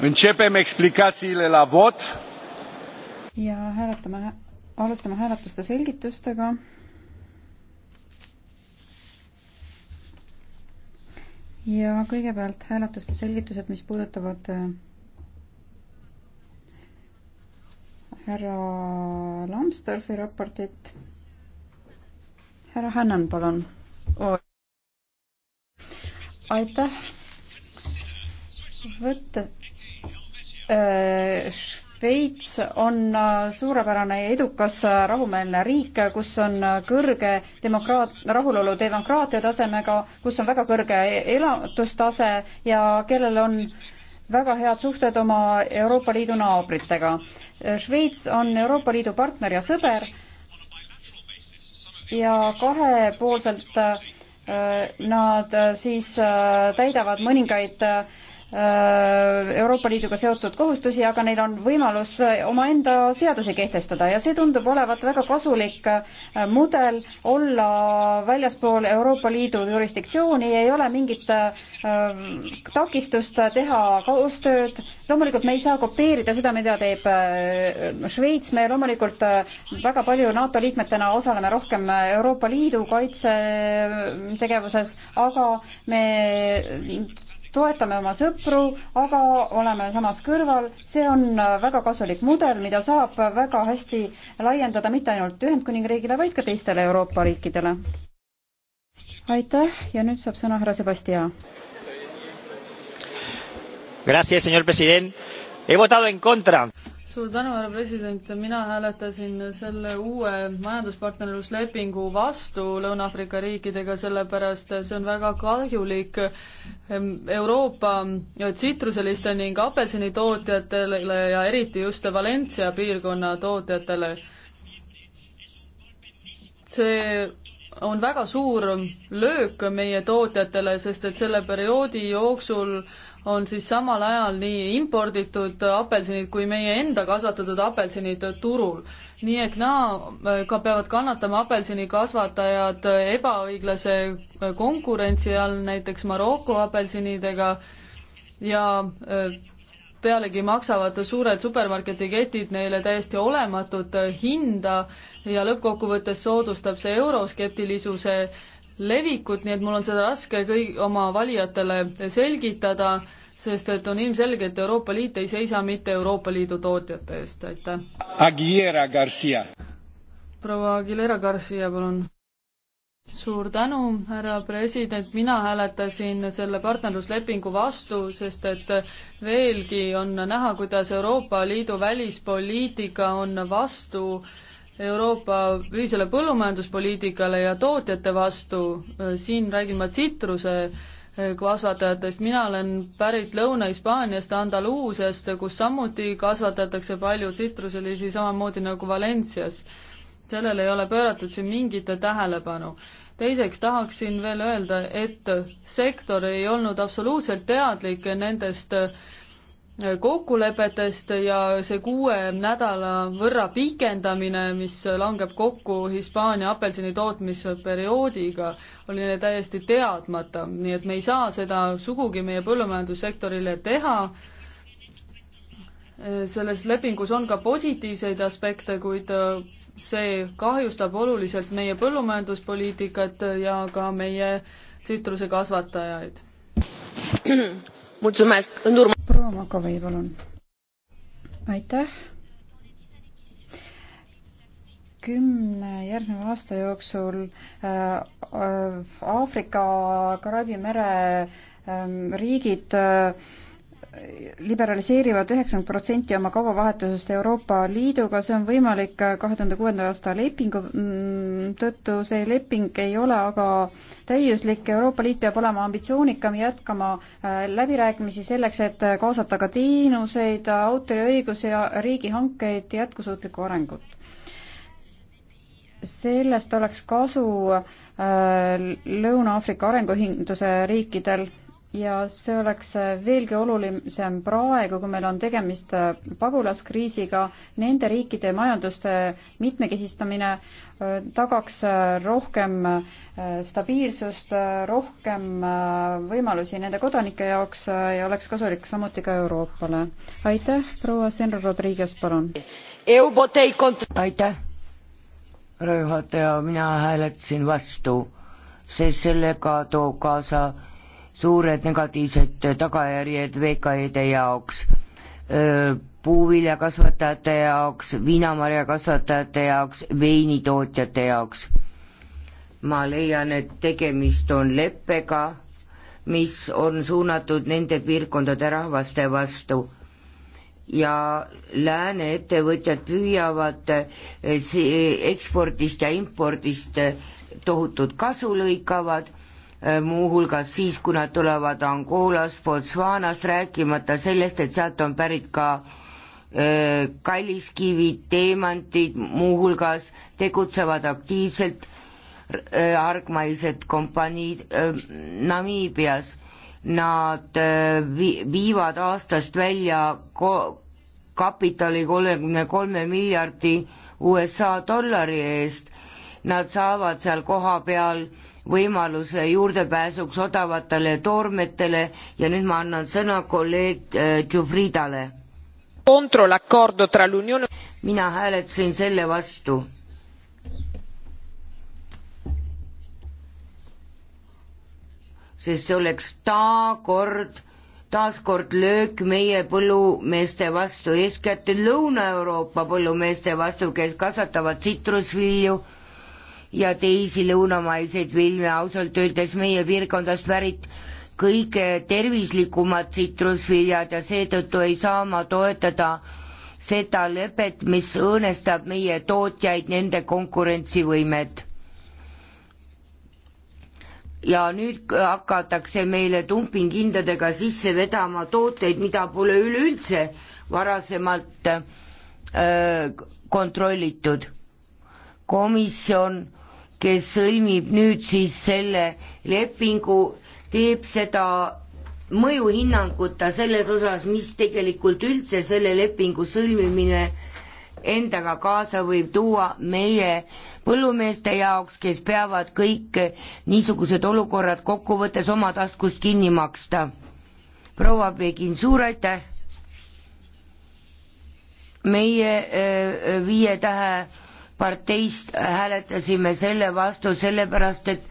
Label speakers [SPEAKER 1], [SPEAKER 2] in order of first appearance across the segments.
[SPEAKER 1] Începem explicațiile la vot.
[SPEAKER 2] Ja hääletame, alustame hääletuste selgitustega. Ja kõigepealt hääletuste selgitused, mis puudutavad äh, härra Lambsdorfi raportit. Härra Hannan, palun. Aitäh. Võttes Äh, Šveits on äh, suurepärane ja edukas äh, rahumeelne riik, kus on kõrge demokraat-, rahulolu demokraatia tasemega, kus on väga kõrge e-, elatustase ja kellel on väga head suhted oma Euroopa Liidu naabritega. Šveits on Euroopa Liidu partner ja sõber ja kahepoolselt nad siis täidavad mõningaid äh, Äh, Euroopa Liiduga seotud kohustusi, aga neil on võimalus omaenda seadusi kehtestada ja see tundub olevat väga kasulik äh, mudel olla väljaspool Euroopa Liidu jurisdiktsiooni, ei ole mingit äh, takistust teha koostööd. loomulikult me ei saa kopeerida seda, mida teeb Šveits, me loomulikult väga palju NATO liikmetena osaleme rohkem Euroopa Liidu kaitsetegevuses, aga me toetame oma sõpru, aga oleme samas kõrval. see on väga kasulik mudel, mida saab väga hästi laiendada mitte ainult Ühendkuningriigile, vaid ka teistele Euroopa riikidele. aitäh ja nüüd saab sõna härra Sebastian. Gracias, señor president. He votado en contra
[SPEAKER 1] suur tänu, härra president, mina hääletasin selle uue majanduspartnerluslepingu vastu Lõuna-Aafrika riikidega, sellepärast see on väga kahjulik ehm, Euroopa tsitruseliste ning apelsinitootjatele ja eriti just Valencia piirkonna tootjatele. see on väga suur löök meie tootjatele, sest et selle perioodi jooksul on siis samal ajal nii imporditud apelsinid kui meie enda kasvatatud apelsinid turul. nii ehk naa ka peavad kannatama apelsinikasvatajad ebaõiglase konkurentsi all näiteks Maroko apelsinidega ja pealegi maksavad suured supermarketiketid neile täiesti olematut hinda ja lõppkokkuvõttes soodustab see euroskeptilisuse levikut, nii et mul on seda raske kõi-, oma valijatele selgitada, sest et on ilmselge, et Euroopa Liit ei seisa mitte Euroopa Liidu tootjate eest, aitäh. proua Aguilera Garcia, palun suur tänu, härra president, mina hääletasin selle partnerluslepingu vastu, sest et veelgi on näha, kuidas Euroopa Liidu välispoliitika on vastu Euroopa ühisele põllumajanduspoliitikale ja tootjate vastu, siin räägin ma tsitruse kasvatajatest, mina olen pärit Lõuna-Hispaaniast, Andaluusiast, kus samuti kasvatatakse palju tsitruselisi, samamoodi nagu Valencias sellele ei ole pööratud siin mingit tähelepanu. teiseks tahaksin veel öelda, et sektor ei olnud absoluutselt teadlik nendest äh, kokkulepetest ja see kuue nädala võrra pikendamine, mis langeb kokku Hispaania apelsini tootmisperioodiga, oli neile täiesti teadmata, nii et me ei saa seda sugugi meie põllumajandussektorile teha äh, selles lepingus on ka positiivseid aspekte, kuid äh, see kahjustab oluliselt meie põllumajanduspoliitikat ja ka meie tsitruse kasvatajaid.
[SPEAKER 2] proua Makovei, palun. aitäh. kümne järgneva aasta jooksul äh, äh, Aafrika, Karaabia mere ähm, riigid äh, liberaliseerivad üheksakümmend protsenti oma kaubavahetusest Euroopa Liiduga, see on võimalik kahe tuhande kuuenda aasta lepingu mm, tõttu, see leping ei ole aga täiuslik, Euroopa Liit peab olema ambitsioonikam, jätkama äh, läbirääkimisi selleks, et kaasata ka teenuseid, autoriõigusi ja riigihankeid, jätkusuutlikku arengut. sellest oleks kasu äh, Lõuna-Aafrika Arenguühenduse riikidel ja see oleks äh, veelgi olulisem praegu, kui meil on tegemist äh, pagulaskriisiga, nende riikide majanduste mitmekesistamine äh, tagaks rohkem stabiilsust, rohkem võimalusi nende kodanike jaoks ja oleks kasulik samuti ka Euroopale. aitäh, proua Senra Rodriguez, palun! aitäh,
[SPEAKER 3] härra juhataja, mina hääletasin vastu, sest sellega toob kaasa suured negatiivsed tagajärjed VKE-de jaoks, puuviljakasvatajate jaoks, viinamarjakasvatajate jaoks, veinitootjate jaoks. ma leian, et tegemist on leppega, mis on suunatud nende piirkondade rahvaste vastu ja lääne ettevõtjad püüavad ekspordist ja impordist tohutut kasu lõikavad Äh, muuhulgas siis, kui nad tulevad Angolast, Botswanast, rääkimata sellest, et sealt on pärit ka äh, kalliskivid, teemantid, muuhulgas tegutsevad aktiivselt äh, argmaised kompaniid Namiibias. Nad viivad aastast välja ko-, kapitali kolmekümne kolme miljardi USA dollari eest nad saavad seal kohapeal võimaluse juurdepääsuks odavatele toormetele ja nüüd ma annan sõna kolleeg Tšufridale. Äh, mina hääletasin selle vastu sest see oleks taakord, taaskord löök meie põllumeeste vastu, eeskätt Lõuna-Euroopa põllumeeste vastu, kes kasvatavad tsitrusvilju ja teisi lõunamaiseid vilju, ausalt öeldes meie piirkondast pärit kõige tervislikumad tsitrusviljad ja seetõttu ei saa ma toetada seda lepet, mis õõnestab meie tootjaid, nende konkurentsivõimet. ja nüüd hakatakse meile dumpinghindadega sisse vedama tooteid, mida pole üleüldse varasemalt öö, äh, kontrollitud komisjon, kes sõlmib nüüd siis selle lepingu, teeb seda mõjuhinnanguta selles osas, mis tegelikult üldse selle lepingu sõlmimine endaga kaasa võib tuua meie põllumeeste jaoks, kes peavad kõik niisugused olukorrad kokkuvõttes oma taskust kinni maksta. proua Pekin, suur aitäh! meie öö, äh, äh, viie tähe parteist hääletasime selle vastu sellepärast, et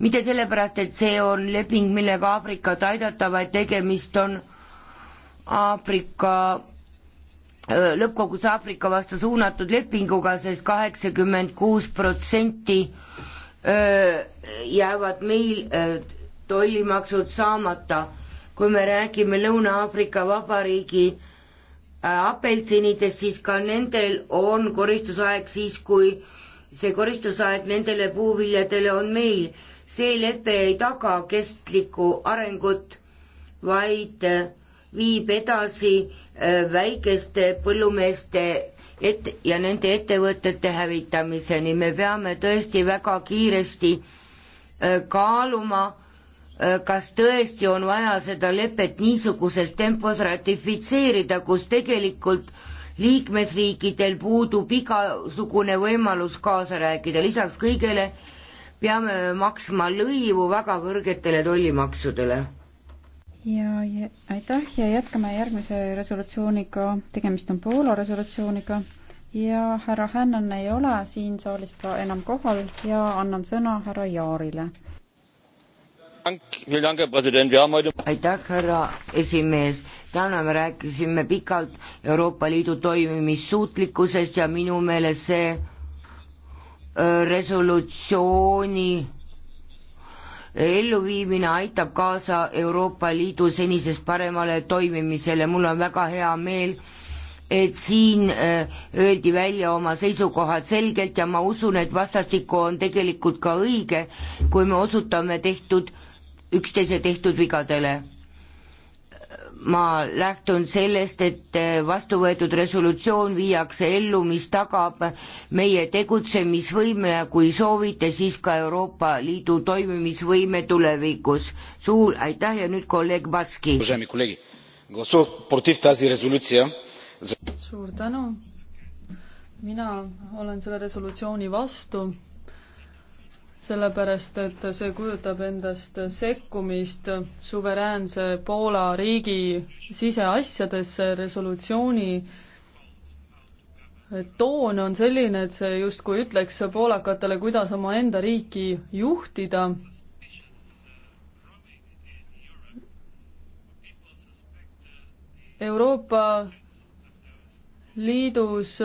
[SPEAKER 3] mitte sellepärast, et see on leping, millega Aafrikat aidata, vaid tegemist on Aafrika, lõppkogus Aafrika vastu suunatud lepinguga sest, sest kaheksakümmend kuus protsenti jäävad meil öö, tollimaksud saamata. kui me räägime Lõuna-Aafrika Vabariigi Äh, apelsinidest, siis ka nendel on koristusaeg siis, kui see koristusaeg nendele puuviljadele on meil. see lepe ei taga kestlikku arengut, vaid äh, viib edasi äh, väikeste põllumeeste et- ja nende ettevõtete hävitamiseni. me peame tõesti väga kiiresti kaaluma Äh, kas tõesti on vaja seda lepet niisuguses tempos ratifitseerida, kus tegelikult liikmesriikidel puudub igasugune võimalus kaasa rääkida, lisaks kõigele peame maksma lõivu väga kõrgetele tollimaksudele.
[SPEAKER 2] ja, ja aitäh ja jätkame järgmise resolutsiooniga, tegemist on Poola resolutsiooniga ja härra Hännan ei ole siin saalis enam kohal ja annan sõna härra Jaarile
[SPEAKER 3] aitäh, härra esimees. täna me rääkisime pikalt Euroopa Liidu toimimissuutlikkusest ja minu meelest see resolutsiooni elluviimine aitab kaasa Euroopa Liidu senisest paremale toimimisele, mul on väga hea meel, et siin öeldi välja oma seisukohad selgelt ja ma usun, et vastastikku on tegelikult ka õige, kui me osutame tehtud üksteise tehtud vigadele. ma lähtun sellest, et vastu võetud resolutsioon viiakse ellu, mis tagab meie tegutsemisvõime ja kui soovite, siis ka Euroopa Liidu toimimisvõime tulevikus. suur aitäh ja nüüd kolleeg Baski.
[SPEAKER 2] suur
[SPEAKER 1] tänu. mina olen selle resolutsiooni vastu sellepärast, et see kujutab endast sekkumist suveräänse Poola riigi siseasjadesse resolutsiooni toon on selline, et see justkui ütleks poolakatele, kuidas omaenda riiki juhtida. Euroopa Liidus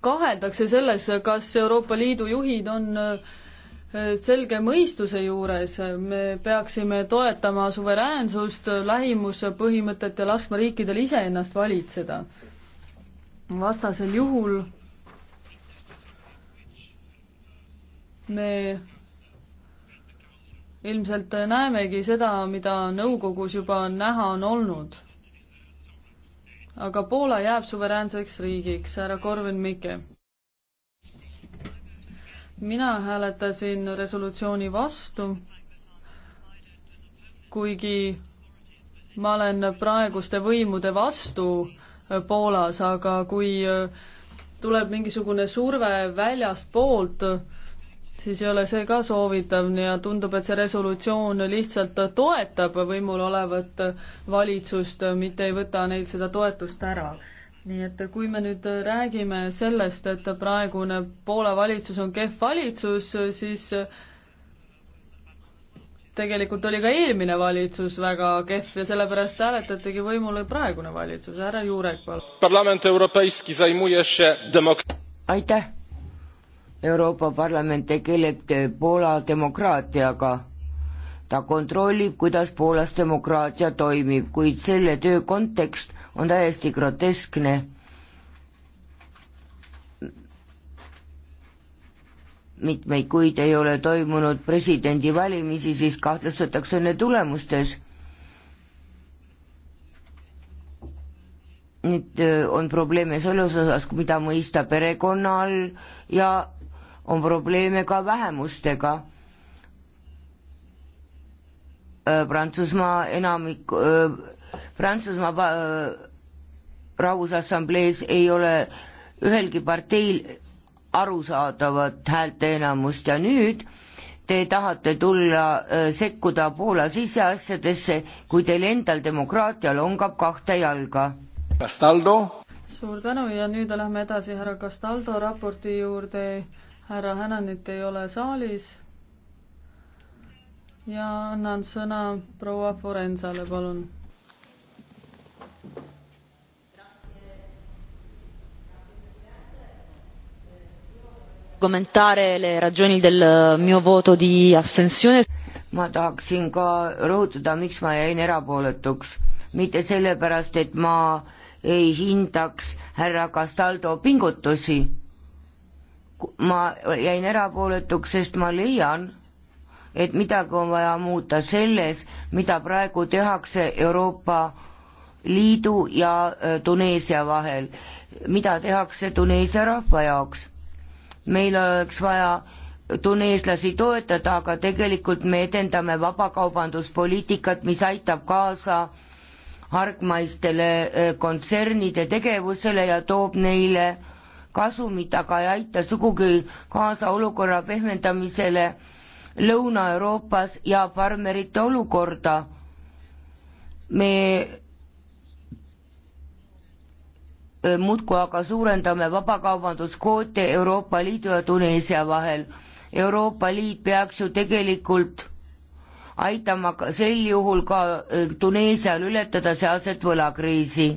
[SPEAKER 1] kaheldakse selles, kas Euroopa Liidu juhid on äh, selge mõistuse juures, me peaksime toetama suveräänsust, lähimuse põhimõtet ja laskma riikidel ise ennast valitseda. vastasel juhul me ilmselt näemegi seda, mida nõukogus juba näha on olnud aga Poola jääb suveräänseks riigiks, härra Korvin-Mikke. mina hääletasin resolutsiooni vastu, kuigi ma olen praeguste võimude vastu Poolas, aga kui tuleb mingisugune surve väljastpoolt, siis ei ole see ka soovitav ja tundub, et see resolutsioon lihtsalt toetab võimul olevat valitsust, mitte ei võta neilt seda toetust ära. nii et kui me nüüd räägime sellest, et praegune Poola valitsus on kehv valitsus, siis tegelikult oli ka eelmine valitsus väga kehv ja sellepärast hääletatigi võimule praegune valitsus, härra Jurek, palun.
[SPEAKER 3] aitäh Euroopa Parlament tegeleb Poola demokraatiaga. ta kontrollib, kuidas Poolas demokraatia toimib, kuid selle töö kontekst on täiesti groteskne. mitmeid kuid ei ole toimunud presidendivalimisi, siis kahtlustatakse need tulemustes nüüd äh, on probleeme selles osas, mida mõista perekonna all ja on probleeme ka vähemustega. Äh, Prantsusmaa enamik, äh, Prantsusmaa äh, rahvusassamblees ei ole ühelgi parteil arusaadavat häälteenamust ja nüüd te tahate tulla sekkuda Poola siseasjadesse, kui teil endal demokraatia longab kahte jalga.
[SPEAKER 2] Castaldo.
[SPEAKER 1] suur tänu ja nüüd lähme edasi härra Castaldo raporti juurde härra Hänanit ei ole saalis. ja annan sõna proua Forensale, palun
[SPEAKER 3] argomentare le ragioni del eh, mio voto di astensione. ma tahaksin ka rõhutada, miks ma jäin erapooletuks. mitte sellepärast, et ma ei hindaks härra Castaldo pingutusi, ma jäin erapooletuks, sest ma leian, et midagi on vaja muuta selles, mida praegu tehakse Euroopa Liidu ja äh, Tuneesia vahel, mida tehakse Tuneesia rahva jaoks. meil oleks vaja tuneeslasi toetada, aga tegelikult me edendame vabakaubanduspoliitikat, mis aitab kaasa hargmaistele äh, kontsernide tegevusele ja toob neile äh, kasumit, aga ei aita sugugi kaasa olukorra pehmendamisele Lõuna-Euroopas ja farmerite olukorda. me eh, muudkui aga suurendame vabakaubanduskvoote Euroopa Liidu ja Tuneesia vahel. Euroopa Liit peaks ju tegelikult aitama ka sel juhul ka eh, Tuneesial ületada sealset võlakriisi.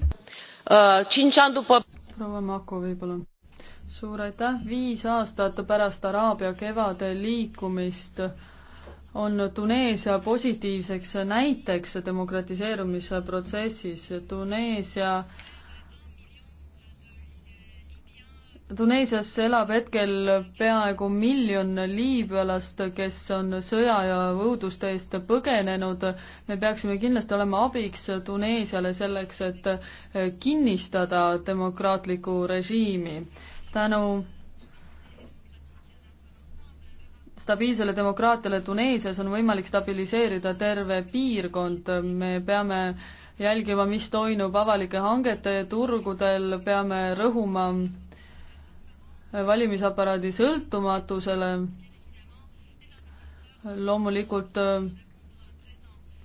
[SPEAKER 1] Äh, proua Makovi, palun suur aitäh, viis aastat pärast Araabia kevade liikumist on Tuneesia positiivseks näiteks demokratiseerumise protsessis. Tuneesia Tuneesias elab hetkel peaaegu miljon liibüalast, kes on sõja ja õuduste eest põgenenud. me peaksime kindlasti olema abiks Tuneesiale selleks, et kinnistada demokraatlikku režiimi tänu stabiilsele demokraatiale Tuneesias on võimalik stabiliseerida terve piirkond, me peame jälgima, mis toimub avalike hangete turgudel, peame rõhuma valimisaparaadi sõltumatusele, loomulikult äh,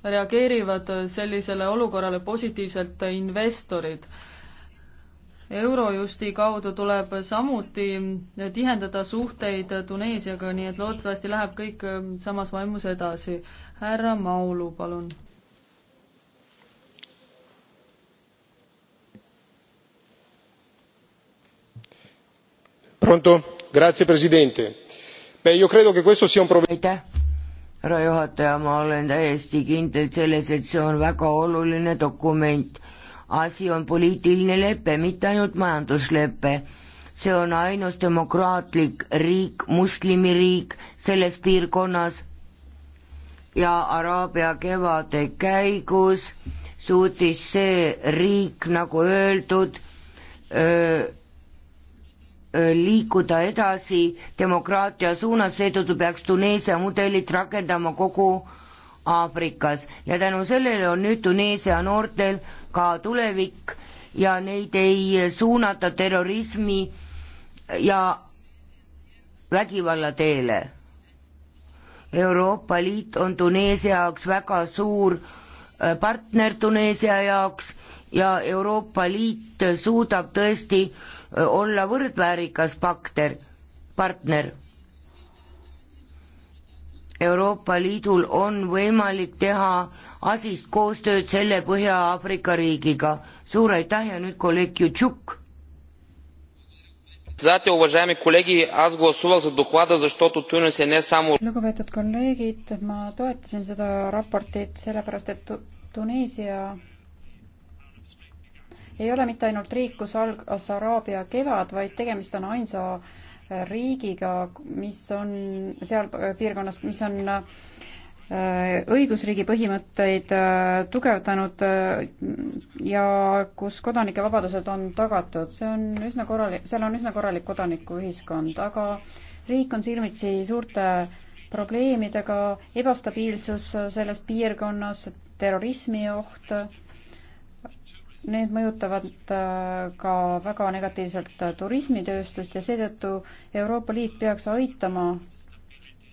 [SPEAKER 1] reageerivad sellisele olukorrale positiivselt investorid Eurojusti kaudu tuleb samuti tihendada suhteid Tuneesiaga, nii et loodetavasti läheb kõik äh, samas vaimus edasi. härra Maulu, palun. aitäh,
[SPEAKER 3] härra juhataja, ma olen täiesti kindel selles, et see on väga oluline dokument asi on poliitiline lepe, mitte ainult majanduslepe. see on ainus demokraatlik riik, moslemiriik selles piirkonnas ja Araabia kevade käigus suutis see riik, nagu öeldud, liikuda edasi demokraatia suunas, seetõttu peaks Tuneesia mudelit rakendama kogu öö, Aafrikas ja tänu sellele on nüüd Tuneesia noortel ka tulevik ja neid ei suunata terrorismi ja vägivalla teele. Euroopa Liit on Tuneesia jaoks väga suur äh, partner Tuneesia jaoks ja Euroopa Liit suudab tõesti äh, olla võrdväärikas pakter, partner Euroopa Liidul on võimalik teha asist koostööd selle Põhja-Aafrika riigiga. suur aitäh ja nüüd kolleeg Jutšuk.
[SPEAKER 2] lugupeetud kolleegid, ma toetasin seda raportit sellepärast, et Tuneesia ei ole mitte ainult riik, kus algas Araabia kevad, vaid tegemist on ainsa riigiga, mis on seal piirkonnas, mis on äh, õigusriigi põhimõtteid äh, tugevdanud äh, ja kus kodanike vabadused on tagatud, see on üsna korralik, seal on üsna korralik kodanikuühiskond, aga riik on silmitsi suurte probleemidega, ebastabiilsus selles piirkonnas, terrorismioht Need mõjutavad äh, ka väga negatiivselt äh, turismitööstust ja seetõttu Euroopa Liit peaks aitama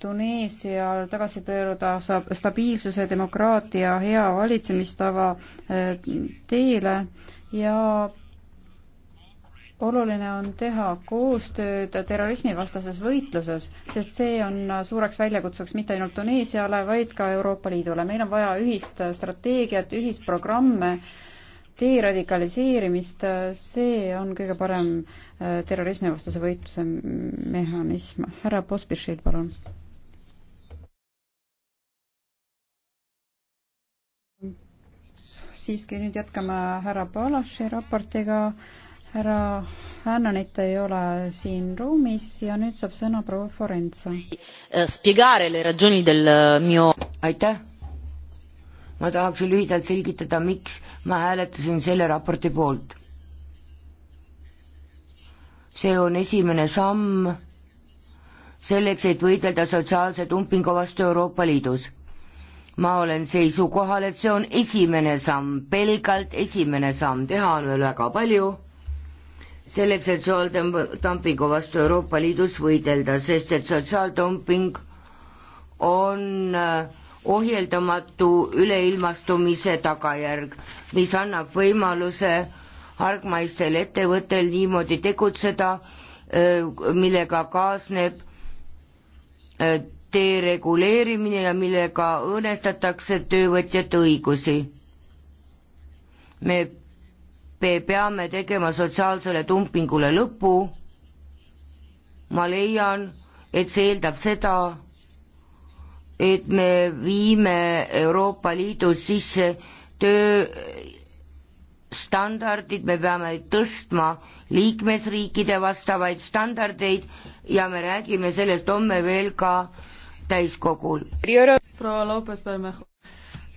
[SPEAKER 2] Tuneesial tagasi pöörduda stabiilsuse, demokraatia, hea valitsemistava äh, teele ja oluline on teha koostööd terrorismivastases võitluses, sest see on suureks väljakutseks mitte ainult Tuneesiale, vaid ka Euroopa Liidule. meil on vaja ühist strateegiat, ühisprogramme deradikaliseerimist, see on kõige parem äh, terrorismivastase võitluse mehhanism. härra Pospišil, palun. siiski nüüd jätkame härra Palaši raportiga. härra Hännanit ei ole siin ruumis ja nüüd saab sõna proua Forenza.
[SPEAKER 3] Äh, aitäh ma tahaksin lühidalt selgitada, miks ma hääletasin selle raporti poolt. see on esimene samm selleks, et võidelda sotsiaalse dumpingu vastu Euroopa Liidus. ma olen seisukohal, et see on esimene samm, pelgalt esimene samm, teha on veel väga palju, selleks, et sotsiaalse dumpingu vastu Euroopa Liidus võidelda, sest et sotsiaaldumping on äh, ohjeldamatu üleilmastumise tagajärg, mis annab võimaluse hargmaistel ettevõttel niimoodi tegutseda, millega kaasneb dereguleerimine ja millega õõnestatakse töövõtjate õigusi. me peame tegema sotsiaalsele dumpingule lõpu, ma leian, et see eeldab seda, et me viime Euroopa Liidus sisse tööstandardid, me peame tõstma liikmesriikide vastavaid standardeid ja me räägime sellest homme veel ka täiskogul.
[SPEAKER 1] proua Lopez-Bermejo,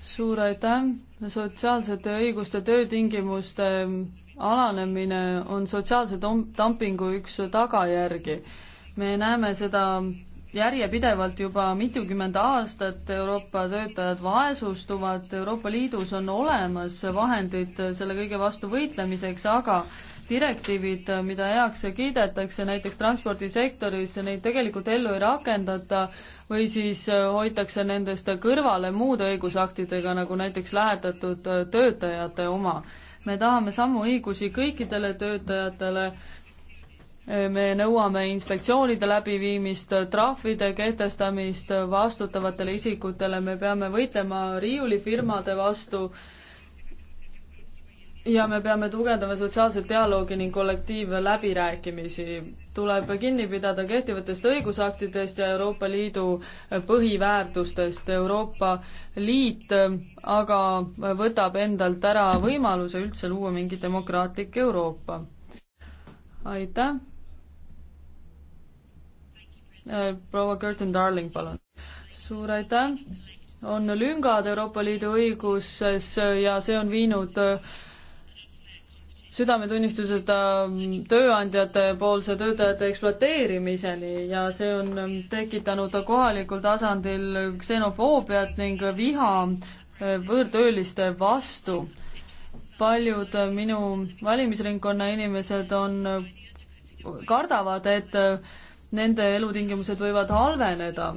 [SPEAKER 1] suur aitäh, sotsiaalsete õiguste töötingimuste ähm, alanemine on sotsiaalse dumpingu üks tagajärgi. me näeme seda järjepidevalt juba mitukümmend aastat Euroopa töötajad vaesustuvad, Euroopa Liidus on olemas vahendid selle kõige vastu võitlemiseks, aga direktiivid, mida heaks kiidetakse näiteks transpordisektoris, neid tegelikult ellu ei rakendata või siis hoitakse nendest kõrvale muude õigusaktidega, nagu näiteks lähetatud töötajate oma. me tahame samu õigusi kõikidele töötajatele me nõuame inspektsioonide läbiviimist, trahvide kehtestamist vastutavatele isikutele, me peame võitlema riiulifirmade vastu ja me peame tugevdama sotsiaalset dialoogi ning kollektiivläbirääkimisi. tuleb kinni pidada kehtivatest õigusaktidest ja Euroopa Liidu põhiväärtustest. Euroopa Liit aga võtab endalt ära võimaluse üldse luua mingi demokraatlik Euroopa. aitäh! Äh, proua Curtin Darling, palun. suur aitäh. on lüngad Euroopa Liidu õiguses äh, ja see on viinud äh, südametunnistuseta mm, tööandjate poolse töötajate ekspluateerimiseni ja see on mm, tekitanud kohalikul tasandil ksenofoobiat ning viha võõrtööliste vastu. paljud minu valimisringkonna inimesed on, kardavad, et nende elutingimused võivad halveneda.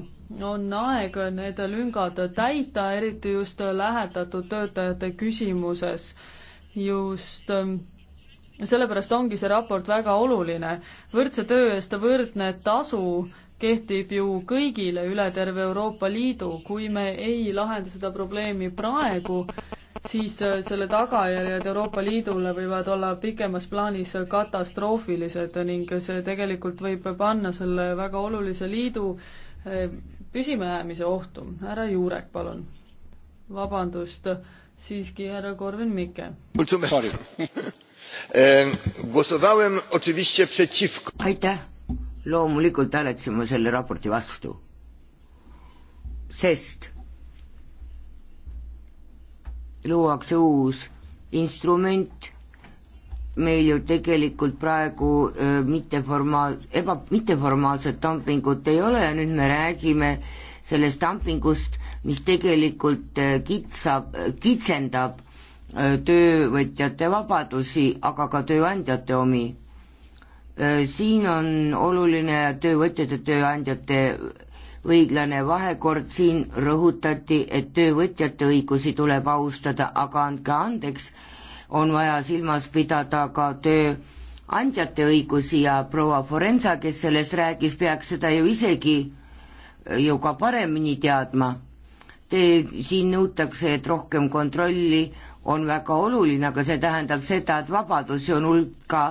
[SPEAKER 1] on aeg need lüngad täita, eriti just lähetatud töötajate küsimuses. just ähm, sellepärast ongi see raport väga oluline. võrdse töö eest võrdne tasu kehtib ju kõigile üle terve Euroopa Liidu. kui me ei lahenda seda probleemi praegu, siis äh, selle tagajärjed Euroopa Liidule võivad olla pikemas plaanis katastroofilised ning see tegelikult võib panna selle väga olulise liidu äh, püsimajäämise ohtu. härra Juurek, palun. vabandust, siiski härra Korvin Mikke.
[SPEAKER 3] aitäh, loomulikult hääletasime selle raporti vastu, sest luuakse uus instrument, meil ju tegelikult praegu äh, mitteformaal-, eba, mitteformaalset dumpingut ei ole ja nüüd me räägime sellest dumpingust, mis tegelikult äh, kitsab, kitsendab äh, töövõtjate vabadusi, aga ka tööandjate omi. siin on oluline töövõtjate, tööandjate õiglane vahekord, siin rõhutati, et töövõtjate õigusi tuleb austada, aga andke andeks, on vaja silmas pidada ka tööandjate õigusi ja proua Forenza, kes sellest rääkis, peaks seda ju isegi ju ka paremini teadma. Te, siin nõutakse, et rohkem kontrolli on väga oluline, aga see tähendab seda, et vabadusi on hulka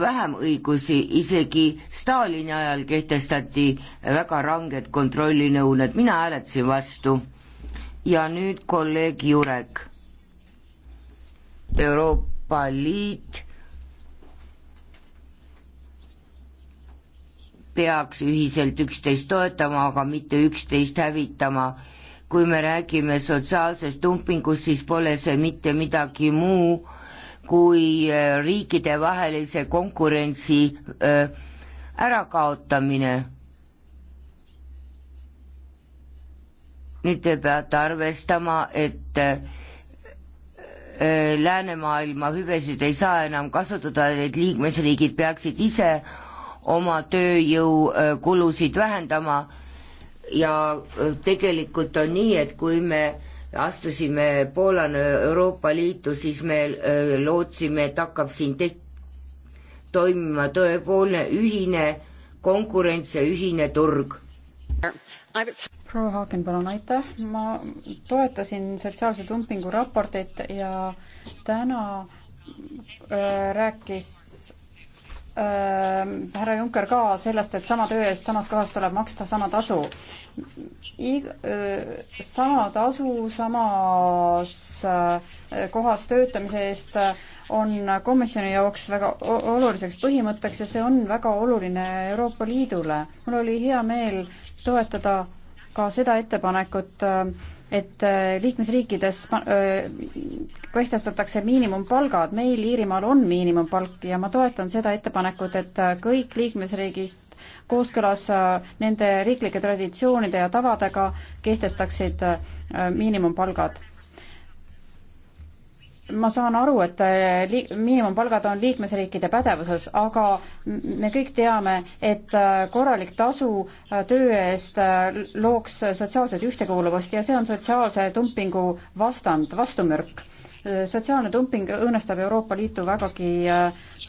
[SPEAKER 3] vähem õigusi, isegi Stalini ajal kehtestati väga ranged kontrollinõuded, mina hääletasin vastu. ja nüüd kolleeg Jurek. Euroopa Liit peaks ühiselt üksteist toetama, aga mitte üksteist hävitama. kui me räägime sotsiaalsest dumpingust, siis pole see mitte midagi muu, kui äh, riikidevahelise konkurentsi äh, ärakaotamine. nüüd te peate arvestama, et äh, läänemaailma hüvesid ei saa enam kasutada, need liikmesriigid peaksid ise oma tööjõukulusid vähendama ja tegelikult on nii, et kui me astusime Poolana Euroopa Liitu, siis me äh, lootsime, et hakkab siin tek-, toimima tõepoolne ühine konkurents ja ühine turg.
[SPEAKER 2] proua Haagen, palun, aitäh, ma toetasin sotsiaalse dumpingu raportit ja täna öö, äh, rääkis äh, härra Juncker ka sellest, et sama töö eest samas kohas tuleb maksta sama tasu sama tasu samas kohas töötamise eest on komisjoni jaoks väga oluliseks põhimõtteks ja see on väga oluline Euroopa Liidule. mul oli hea meel toetada ka seda ettepanekut, et liikmesriikides kehtestatakse miinimumpalgad, meil Iirimaal on miinimumpalk ja ma toetan seda ettepanekut, et kõik liikmesriigist kooskõlas äh, nende riiklike traditsioonide ja tavadega kehtestaksid äh, miinimumpalgad. ma saan aru, et äh, miinimumpalgad on liikmesriikide pädevuses, aga me kõik teame, et korralik tasu töö eest looks sotsiaalset ühtekuuluvust ja see on sotsiaalse dumpingu vastand, vastumürk sotsiaalne dumping õõnestab Euroopa Liitu vägagi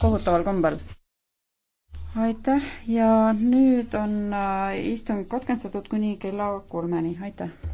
[SPEAKER 2] kohutaval kombel aitäh ja nüüd on äh, istung katkestatud kuni kella kolmeni, aitäh!